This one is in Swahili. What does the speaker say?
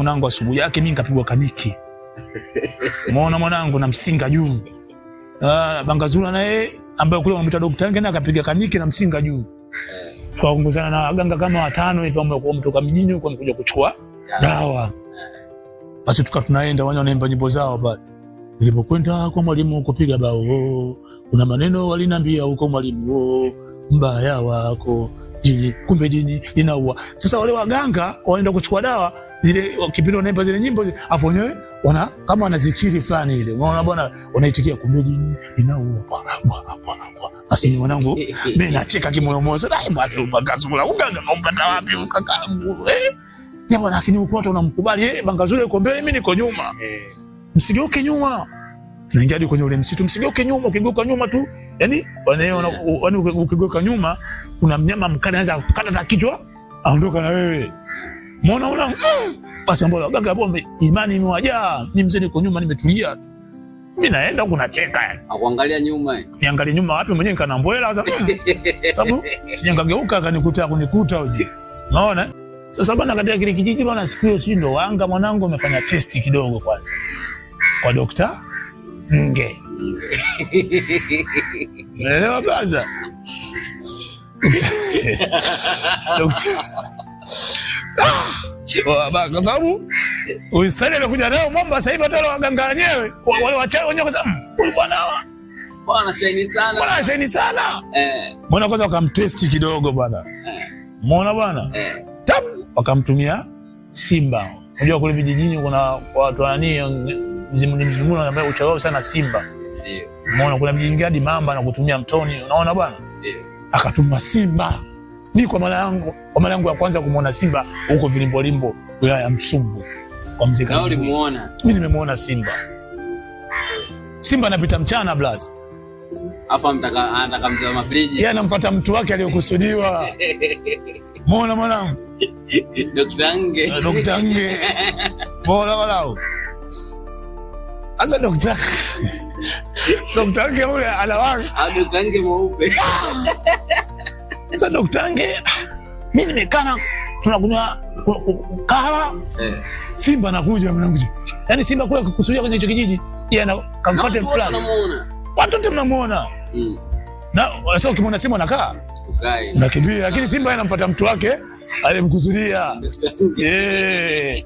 mwanangu, asubuhi yake mimi nikapigwa kabiki. Umeona mwanangu, na msinga juu. Ah, Bangazura naye ambaye kule wanamuita daktari ngine akapiga kaniki na msinga juu. Tukaongozana na waganga kama watano hivi ambao kwa mtoka mjini huko amekuja kuchukua dawa. Basi tuka tunaenda wanyo naimba nyimbo zao bado. Nilipokwenda kwa mwalimu kupiga bao, kuna maneno waliniambia huko mwalimu, mbaya wako jini, kumbe jini inaua. Sasa wale waganga wanaenda kuchukua dawa zile kipindi wanaimba zile nyimbo afu wenyewe wana kama wanazikiri fulani ile, unaona bwana, wanaitikia kumbe jini inaua. Basi ni mwanangu, eh, eh, eh, mimi nacheka kimoyomoyo sana, bwana ukasula uganga umpata wapi ukakangu eh bwana, lakini ukwata unamkubali eh, Bangazuri uko mbele, mimi niko nyuma, msigeuke nyuma. Tunaingia hadi kwenye ule msitu, msigeuke nyuma. Ukigeuka nyuma tu yani, yani ukigeuka nyuma kuna mnyama mkali anaanza kukata kichwa, aondoka na wewe Mbona una basi mbona waganga pombe imani imewajaa. ni mzee niko nyuma nimetulia Mimi naenda huko nacheka yani. Akuangalia nyuma eh. Niangalie nyuma wapi mwenyewe nikana mbwela sasa. Hmm. Sababu sinyangageuka akanikuta kunikuta uje. Unaona? Sasa bana katika kile kijiji bana siku hiyo si ndo wanga mwanangu amefanya testi kidogo kwanza. Kwa dokta Nge. Unaelewa blaza? Dokta kwa sababu Uisraeli amekuja nao mambo sasa hivi, hata waganga wenyewe wale wachawi wenyewe, kwa sababu hmm, huyu bwana bwana shaini sana, bwana shaini sana eh, mbona kwanza wakamtesti kidogo bwana eh, muona bwana eh, tam wakamtumia simba. Unajua kule vijijini kuna watu wanani mzimu mzimu, wanaambia uchawi sana simba, ndio muona kuna vijijini hadi mamba na kutumia mtoni, unaona bwana, ndio akatuma simba ni kwa mara yangu kwa mara yangu ya kwanza kumwona Simba huko vilimbolimbo wilaya ya Msumbu kwa mzee. Na ulimuona? Mimi nimemuona Simba. Simba anapita mchana blaza. Afa anataka anataka mzee mabridge. Yeye anamfuata mtu wake aliyokusudiwa. Muona mwanangu. Dr. Nge. Eh, Dr. Nge. Bora walao. Asa Dr. Dr. Nge yule anawaka. Ah, Dr. Nge mweupe. Ah! Sasa doktange, mi nimekana tunakunywa kahawa eh. Simba anakuja mnakuja, yaani Simba kule kusudia kwenye hicho kijiji kamfate fulani, watu wote mnamuona mm. na sasa ukimwona Simba anakaa unakimbia, lakini Simba anamfuata mtu wake alimkusudia. Eh.